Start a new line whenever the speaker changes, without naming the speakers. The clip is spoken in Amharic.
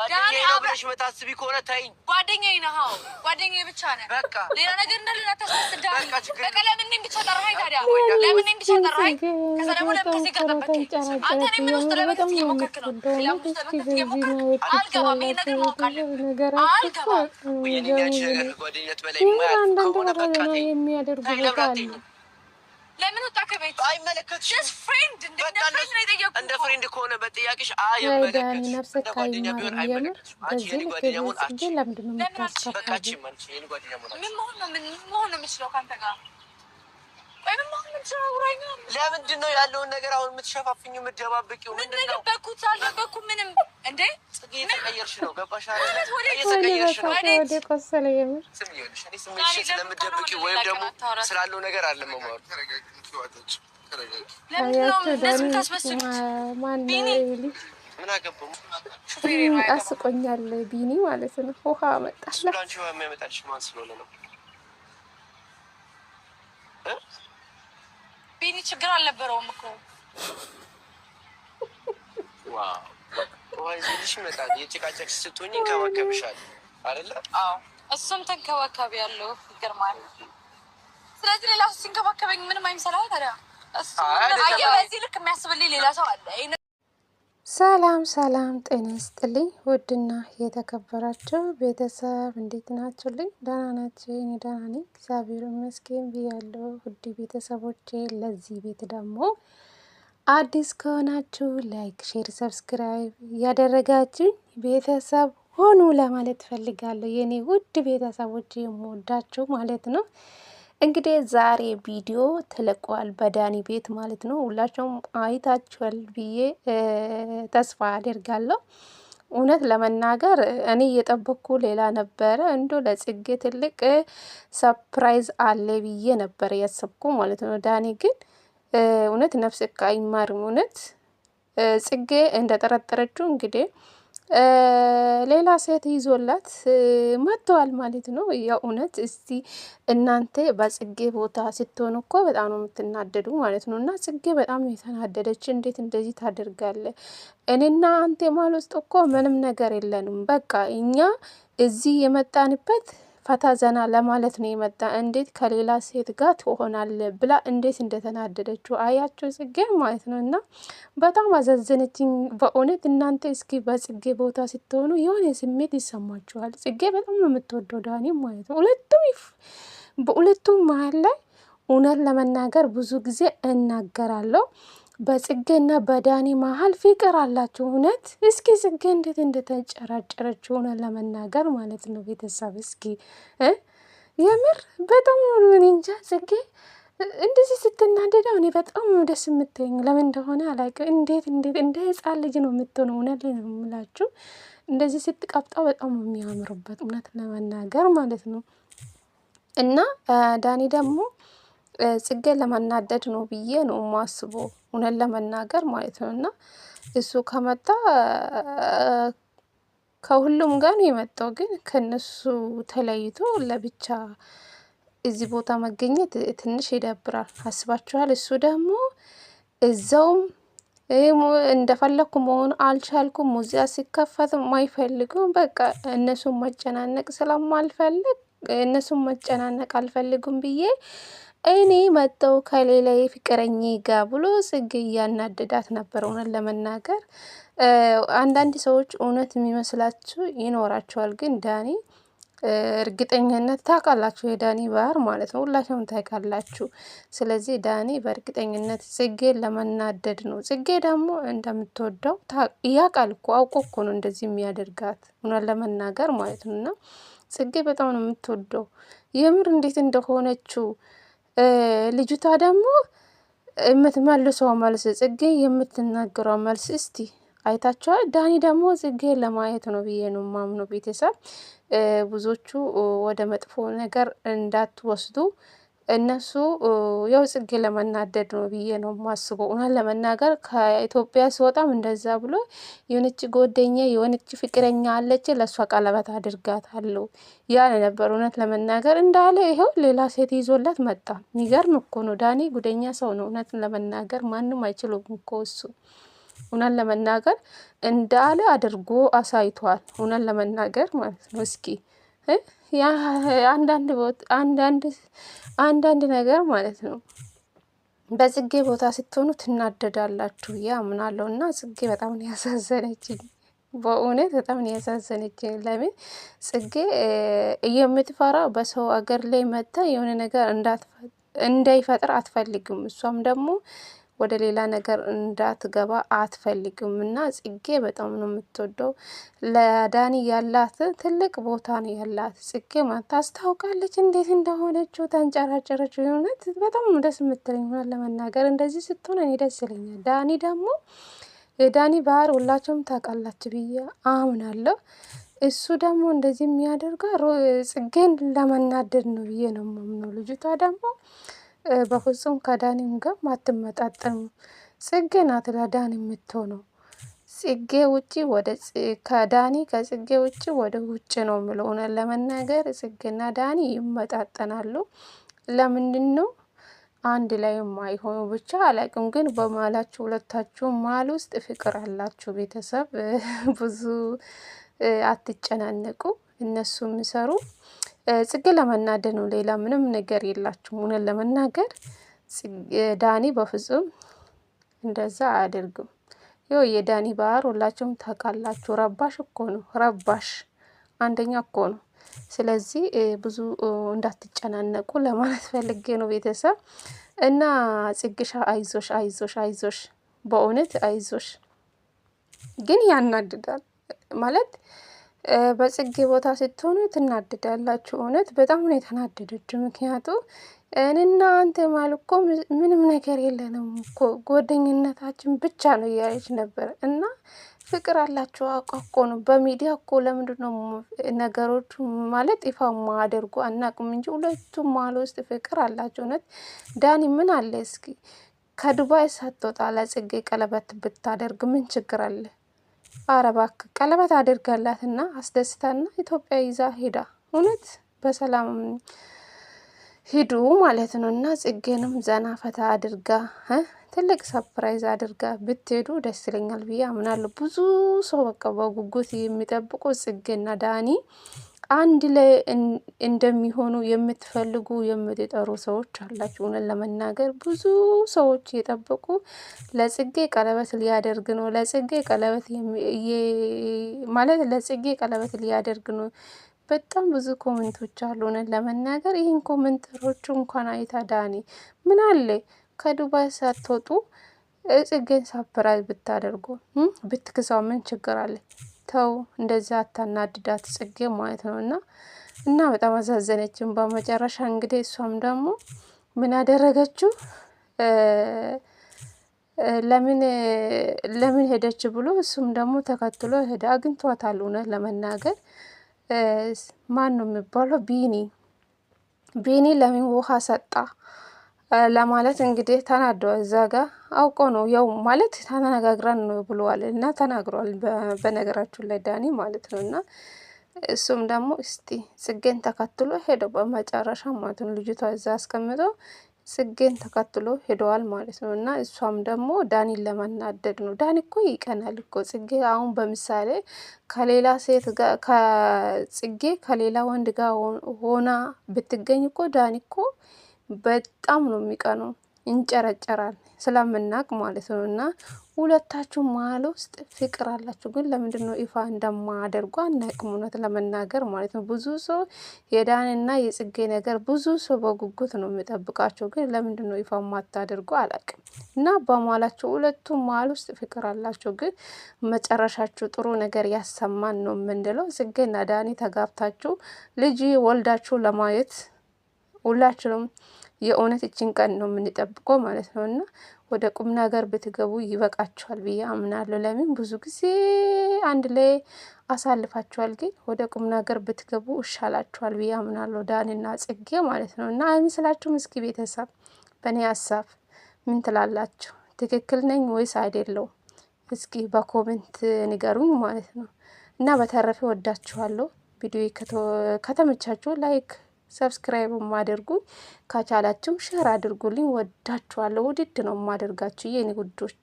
ጓደኛዬ ነው ብለሽ መታስቢ ከሆነ ተይኝ።
ጓደኛዬ ነህ? አዎ ጓደኛዬ ብቻ ነህ። በቃ ሌላ ነገር እንዳለ አታስመስል። በላይ
የሚያደርጉ
ለምን ወጣ ከቤት?
አይመለከትሽም።
ፍሬንድ እንደ
ፍሬንድ ከሆነ በጥያቄሽ
አይመለከትሽም። እንደ ጓደኛ ቢሆን አይመለከትሽም። ምን መሆን ነው የምችለው ከአንተ ጋር
ለምንድን ነው ያለውን ነገር አሁን የምትሸፋፍኝ የምትደባብቂው?
ምንድን ነው የገባኩት? አልገባኩም ምንም። እንዴ
እየተቀየርሽ ነው፣ ገባሽ?
ወይም ደግሞ ስላለው ነገር አስቆኛል ቢኒ ማለት ነው። ውሃ
መጣሽ። ማን ስለሆነ ነው?
ቤኒ ችግር አልነበረውም እኮ
ይዘሽ ይመጣል። የጭቃጨቅ ስትሆኝ ይንከባከብሻል አይደለ?
እሱም ተንከባከብ ያለው ይገርማል። ስለዚህ ሌላ ሲንከባከበኝ ምንም አይምሰላል። ታዲያ እሱ በዚህ ልክ የሚያስብልኝ ሌላ ሰው አለ። ሰላም ሰላም፣ ጤና ይስጥልኝ። ውድና የተከበራችሁ ቤተሰብ እንዴት ናችሁልኝ? ደህና ናችሁ? እኔ ደህና ነኝ፣ እግዚአብሔር ይመስገን ብያለሁ። ውድ ቤተሰቦቼ፣ ለዚህ ቤት ደግሞ አዲስ ከሆናችሁ ላይክ፣ ሼር፣ ሰብስክራይብ እያደረጋችሁ ቤተሰብ ሆኑ ለማለት ፈልጋለሁ። የኔ ውድ ቤተሰቦቼ የምወዳችሁ ማለት ነው። እንግዲህ ዛሬ ቪዲዮ ተለቋል በዳኒ ቤት ማለት ነው። ሁላቸውም አይታችኋል ብዬ ተስፋ አደርጋለሁ። እውነት ለመናገር እኔ እየጠበቅኩ ሌላ ነበረ። እንዶ ለጽጌ ትልቅ ሰፕራይዝ አለ ብዬ ነበረ ያሰብኩ ማለት ነው። ዳኒ ግን እውነት ነፍስ አይማርም። እውነት ጽጌ እንደጠረጠረችው እንግዲህ ሌላ ሴት ይዞላት መጥተዋል ማለት ነው። የእውነት እስቲ እናንተ በጽጌ ቦታ ስትሆኑ እኮ በጣም ነው የምትናደዱ ማለት ነው። እና ጽጌ በጣም ነው የተናደደች። እንዴት እንደዚህ ታደርጋለ? እኔና አንቴ ማል ውስጥ እኮ ምንም ነገር የለንም። በቃ እኛ እዚህ የመጣንበት ፈታ ዘና ለማለት ነው የመጣ እንዴት ከሌላ ሴት ጋር ትሆናል ብላ እንዴት እንደተናደደችው አያችሁ፣ ጽጌ ማለት ነው። እና በጣም አዘዘነችኝ በእውነት እናንተ እስኪ በጽጌ ቦታ ስትሆኑ የሆነ ስሜት ይሰማችኋል። ጽጌ በጣም ነው የምትወደው ዳኒ ማለት ነው። ሁለቱም በሁለቱም መሀል ላይ እውነት ለመናገር ብዙ ጊዜ እናገራለሁ በጽጌና በዳኒ መሀል ፍቅር አላቸው። እውነት እስኪ ጽጌ እንዴት እንደተንጨራጨረች ሆነ ለመናገር ማለት ነው። ቤተሰብ እስኪ የምር በጣም እንጃ ጽጌ እንደዚህ ስትናደድ እኔ በጣም ደስ የምትኝ ለምን እንደሆነ አላውቅም። እንዴት እንዴት እንደ ሕፃን ልጅ ነው የምትሆነው። እውነት ነው የምላችሁ እንደዚህ ስትቀብጣው በጣም የሚያምርበት እውነት ለመናገር ማለት ነው እና ዳኒ ደግሞ ጽጌ ለመናደድ ነው ብዬ ነው ማስቦ እውነን ለመናገር ማለት ነው። እና እሱ ከመጣ ከሁሉም ጋር ነው የመጣው፣ ግን ከነሱ ተለይቶ ለብቻ እዚህ ቦታ መገኘት ትንሽ ይደብራል። አስባችኋል? እሱ ደግሞ እዛውም እንደፈለግኩ መሆን አልቻልኩም፣ ሙዚያ ሲከፈት አይፈልጉም። በቃ እነሱን መጨናነቅ ስለማልፈልግ እነሱን መጨናነቅ አልፈልጉም ብዬ እኔ መጠው ከሌላ ፍቅረኛ ጋ ብሎ ጽጌ እያናደዳት ነበር። እውነት ለመናገር አንዳንድ ሰዎች እውነት የሚመስላችሁ ይኖራቸዋል። ግን ዳኒ እርግጠኝነት ታውቃላችሁ፣ የዳኒ ባህር ማለት ነው። ሁላችሁም ታውቃላችሁ። ስለዚህ ዳኒ በእርግጠኝነት ጽጌን ለመናደድ ነው። ጽጌ ደግሞ እንደምትወደው ያውቃል እኮ አውቆ እኮ ነው እንደዚህ የሚያደርጋት እውነት ለመናገር ማለት ነው። እና ጽጌ በጣም ነው የምትወደው የምር እንዴት እንደሆነችው ልጅቷ ደግሞ የምትመልሰው መልስ ጽጌ የምትናገረው መልስ እስቲ አይታችኋል። ዳኒ ደግሞ ጽጌ ለማየት ነው ብዬ ነው ማምኑ። ቤተሰብ ብዙዎቹ ወደ መጥፎ ነገር እንዳትወስዱ እነሱ ያው ጽጌ ለመናደድ ነው ብዬ ነው ማስበው። እውነት ለመናገር ከኢትዮጵያ ሲወጣም እንደዛ ብሎ የሆነች ጎደኛ የሆነች ፍቅረኛ አለች ለእሷ ቀለበት አድርጋታለሁ ያለ ነበር። እውነት ለመናገር እንዳለ ይኸው ሌላ ሴት ይዞላት መጣ። ሚገርም እኮ ነው። ዳኒ ጉደኛ ሰው ነው። እውነት ለመናገር ማንም አይችሉም እኮ እሱ እውነት ለመናገር እንዳለ አድርጎ አሳይቷል። እውነት ለመናገር ማለት ነው እስኪ አንዳንድ አንዳንድ ነገር ማለት ነው በጽጌ ቦታ ስትሆኑ ትናደዳላችሁ ብዬ አምናለሁ። እና ጽጌ በጣም ነው ያሳዘነችኝ፣ በእውነት በጣም ነው ያሳዘነችኝ። ለምን ጽጌ የምትፈራ በሰው አገር ላይ መታ የሆነ ነገር እንዳይፈጥር አትፈልግም። እሷም ደግሞ ወደ ሌላ ነገር እንዳትገባ አትፈልግም እና ጽጌ በጣም ነው የምትወደው። ለዳኒ ያላት ትልቅ ቦታ ነው ያላት። ጽጌ ማለት ታስታውቃለች እንዴት እንደሆነችው ተንጨራጨረችው። የሆነት በጣም ደስ የምትለኝ ሆና ለመናገር እንደዚህ ስትሆን እኔ ደስ ይለኛል። ዳኒ ደግሞ የዳኒ ባህር ሁላቸውም ታውቃላችሁ ብዬ አምናለሁ። እሱ ደግሞ እንደዚህ የሚያደርገው ጽጌን ለመናደድ ነው ብዬ ነው የማምነው። ልጅቷ ደግሞ በፍጹም ከዳኒም ጋር አትመጣጠኑ። ጽጌ ናት ለዳኒ የምትሆነው። ጽጌ ውጪ ወደ ከዳኒ ከጽጌ ውጪ ወደ ውጭ ነው የምለው። እውነት ለመናገር ጽጌና ዳኒ ይመጣጠናሉ። ለምንድን ነው አንድ ላይ የማይሆኑ ብቻ አላቅም። ግን በማላችሁ ሁለታችሁ ማል ውስጥ ፍቅር አላችሁ። ቤተሰብ ብዙ አትጨናነቁ። እነሱ የሚሰሩ ጽጌ ለመናደድ ነው፣ ሌላ ምንም ነገር የላችሁም። እውነት ለመናገር ዳኒ በፍጹም እንደዛ አያደርግም። ይኸው የዳኒ ባህር ሁላችሁም ታውቃላችሁ። ረባሽ እኮ ነው፣ ረባሽ አንደኛ እኮ ነው። ስለዚህ ብዙ እንዳትጨናነቁ ለማለት ፈልጌ ነው ቤተሰብ እና ጽግሻ፣ አይዞሽ አይዞሽ አይዞሽ፣ በእውነት አይዞሽ። ግን ያናድዳል ማለት በጽጌ ቦታ ስትሆኑ ትናደዳላችሁ። እውነት በጣም ነው የተናደደች። ምክንያቱ እኔና አንተ ማለት እኮ ምንም ነገር የለንም እኮ ጓደኝነታችን ብቻ ነው እያለች ነበር። እና ፍቅር አላችሁ አቋቆ ነው በሚዲያ እኮ ለምንድ ነው ነገሮቹ ማለት ይፋ ማደርጉ አናውቅም እንጂ ሁለቱም ማል ውስጥ ፍቅር አላቸው። እውነት ዳኒ ምን አለ እስኪ ከዱባይ ሳትወጣ ለጽጌ ቀለበት ብታደርግ ምን ችግር አለ? አረ እባክህ ቀለበት አድርጋላትና አስደስታና ኢትዮጵያ ይዛ ሄዳ እውነት በሰላም ሂዱ ማለት ነው። እና ጽጌንም ዘና ፈታ አድርጋ ትልቅ ሰፕራይዝ አድርጋ ብትሄዱ ደስ ይለኛል ብዬ አምናለሁ። ብዙ ሰው በቃ በጉጉት የሚጠብቁ ጽጌና ዳኒ አንድ ላይ እንደሚሆኑ የምትፈልጉ የምትጠሩ ሰዎች አላችሁ። እውነት ለመናገር ብዙ ሰዎች እየጠበቁ ለጽጌ ቀለበት ሊያደርግ ነው፣ ለጽጌ ቀለበት ማለት ለጽጌ ቀለበት ሊያደርግ ነው። በጣም ብዙ ኮመንቶች አሉ። እውነት ለመናገር ይህን ኮመንተሮቹ እንኳን አይታ ዳኒ ምን አለ ከዱባይ ሳትወጡ ጽጌን ሳፕራይዝ ብታደርጉ ብትክሳው ምን ችግር አለ? ተው እንደዚያ አታናድዳት ጽጌ ማለት ነው እና እና በጣም አሳዘነችን። በመጨረሻ እንግዲህ እሷም ደግሞ ምን አደረገችው? ለምን ለምን ሄደች ብሎ እሱም ደግሞ ተከትሎ ሄደ። አግኝቷታል። እውነት ለመናገር ማን ነው የሚባለው ቢኒ ቢኒ ለምን ውሃ ሰጣ ለማለት እንግዲህ ተናደዋል። እዛ ጋ አውቆ ነው ያው ማለት ተነጋግረን ነው ብለዋል እና ተናግሯል። በነገራችሁ ላይ ዳኒ ማለት ነው እና እሱም ደግሞ እስቲ ጽጌን ተከትሎ ሄደው በመጨረሻ ማለት ነው ልጅቷ እዛ አስቀምጦ ጽጌን ተከትሎ ሄደዋል ማለት ነው እና እሷም ደግሞ ዳኒን ለመናደድ ነው። ዳኒ እኮ ይቀናል እኮ ጽጌ አሁን በምሳሌ ከሌላ ሴት ከጽጌ ከሌላ ወንድ ጋር ሆና ብትገኝ እኮ ዳኒ እኮ በጣም ነው የሚቀነው። ይንጨረጨራል ስለምናቅ ማለት ነው። እና ሁለታችሁ መሀል ውስጥ ፍቅር አላችሁ፣ ግን ለምንድን ነው ይፋ እንደማደርጉ አናቅም። እውነት ለመናገር ማለት ነው ብዙ ሰው የዳንና የጽጌ ነገር ብዙ ሰው በጉጉት ነው የሚጠብቃቸው፣ ግን ለምንድን ነው ይፋ ማታደርጉ አላቅም። እና በማላቸው ሁለቱ መሀል ውስጥ ፍቅር አላቸው ግን መጨረሻቸው ጥሩ ነገር ያሰማን ነው የምንለው። ጽጌና ዳኒ ተጋብታችሁ ልጅ ወልዳችሁ ለማየት ሁላችንም የእውነት እችን ቀን ነው የምንጠብቀው ማለት ነው። እና ወደ ቁም ነገር ብትገቡ ይበቃችኋል ብዬ አምናለሁ። ለምን ብዙ ጊዜ አንድ ላይ አሳልፋችኋል፣ ግን ወደ ቁም ነገር ብትገቡ ይሻላችኋል ብዬ አምናለሁ። ዳንና ጽጌ ማለት ነው። እና አይመስላችሁም? እስኪ ቤተሰብ በእኔ ሀሳብ ምን ትላላችሁ? ትክክል ነኝ ወይስ አይደለውም? እስኪ በኮሜንት ንገሩኝ ማለት ነው። እና በተረፈ ወዳችኋለሁ። ቪዲዮ ከተመቻችሁ ላይክ ሰብስክራይብ ማደርጉኝ ከቻላችሁም ሸር አድርጉልኝ። ወዳችኋለሁ። ውድድ ነው ማደርጋችሁ የኔ ውዶች።